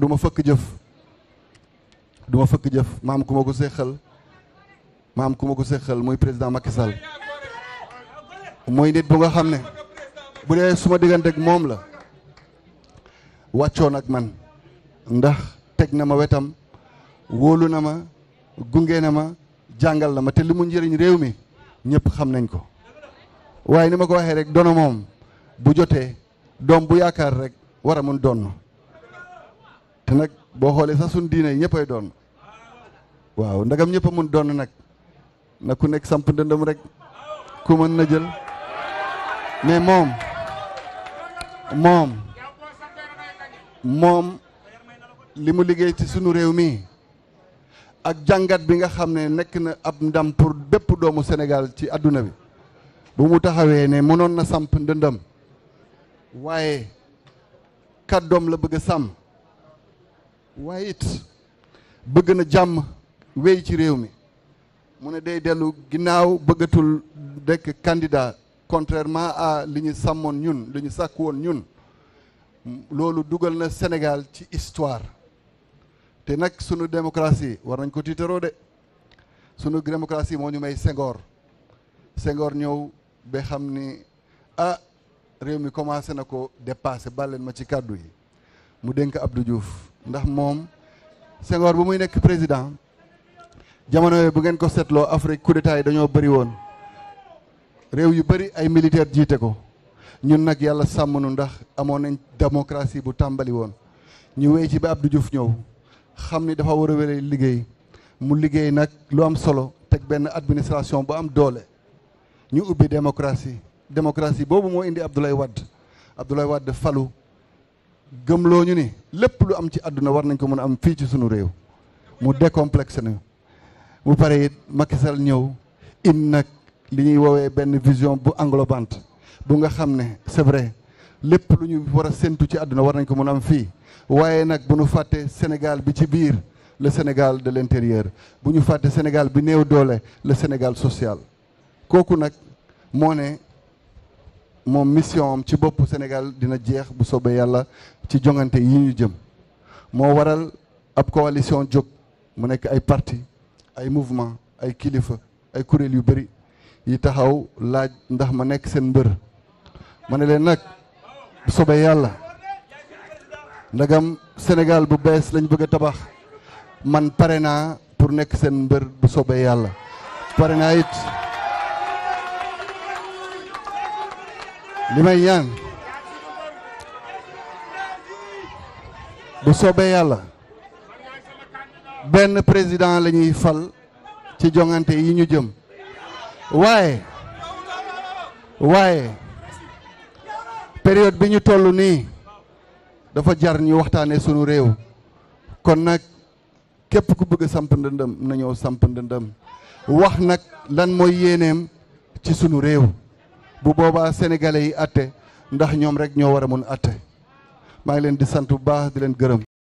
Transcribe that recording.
duma ma fëkk jëf du ma fëkk jëf maam ku ma ko séqal maam ku ma ko séqal muy président Macky Sall mooy nit bu nga xam ne bu dee suma diggante moom la wàccoon ak man ndax teg na ma wetam wóolu na ma gunge na ma jàngal na ma te li mu njëriñ réew mi ñëpp xam nañ ko waaye ni ma ko waxee rek dono moom bu jotee doom bu yaakaar rek war a mun doon te nag boo xoolee sax suñ diine yi ñëppay doon waaw ndagam ñëpp a mun doon nag na ku nekk samp ndëndam rek ku mën na jël mais moom moom moom li mu liggéey ci sunu réew mi ak jàngat bi nga xam ne nekk na ab ndam pour bépp doomu senegal ci àdduna bi bu mu taxawee ne mënoon na samp ndëndam waaye doom la bëgg a sàmm waaye it bëgg na jàmm wéy ci réew mi mu ne day dellu ginnaaw bëggatul dekk candidat contrairement à li ñu sàmmoon ñun li ñu sàkk woon ñun loolu dugal na Sénégal ci histoire te nag sunu démocratie war nañ ko tiitaroo de sunu démocratie moo ñu may Senghor Senghor ñëw ba xam ni ah réew mi commencé na ko dépassé baleen ma ci kàddu yi mu dénk Abdou Diouf ndax moom Senghor bu muy nekk président jamono yooyu bu ngeen ko seetloo Afrique coup d'état yi dañoo bëri woon réew yu bëri ay militaire jiite ko ñun nag yàlla sàmm nu ndax amoon nañ démocratie bu tàmbali woon ñu wéy ci ba Abdou Diouf ñëw xam ni dafa war a wéree liggéey mu liggéey nag lu am solo teg benn administration bu am doole ñu ubbi démocratie démocratie boobu moo indi Abdoulaye Wade Abdoulaye Wade falu gëmloo ñu ni lépp lu am ci àdduna war nañ ko mën a am fii ci sunu réew mu décomplexé na bu pare it Macky Sall ñëw in nag li ñuy woowee benn vision bu englobante bu nga xam ne c'est vrai lépp lu ñu war a séntu ci àdduna war nañ ko mën a am fii waaye nag bu nu fàtte Sénégal bi ci biir le Sénégal de l'intérieur bu ñu fàtte Sénégal bi néew doole le Sénégal social kooku nag moo ne moom mission ci boppu Sénégal dina jeex bu soobee yàlla ci jongante yi ñu jëm moo waral ab coalition jóg mu nekk ay parti ay mouvement ay kilifa ay kuréel yu bëri yi taxaw laaj ndax ma nekk seen mbër ma ne leen nag bu soobee yàlla ndagam Sénégal bu bees lañ bëgg a tabax man pare naa pour nekk seen mbër bu soobee yàlla pare naa it li may ñaan bu soobee yàlla benn président la ñuy fal ci joŋante yi ñu jëm waaye waaye période bi ñu toll nii dafa jar ñu waxtaanee sunu réew kon nag képp ku bëgg a samp ndëndëm na ñëw samp ndëndëm wax nag lan mooy yéeneem ci sunu réew bu boobaa sénégalais yi atte ndax ñoom rek ñoo war a mun atte maa ngi leen di sant bu baax di leen gërëm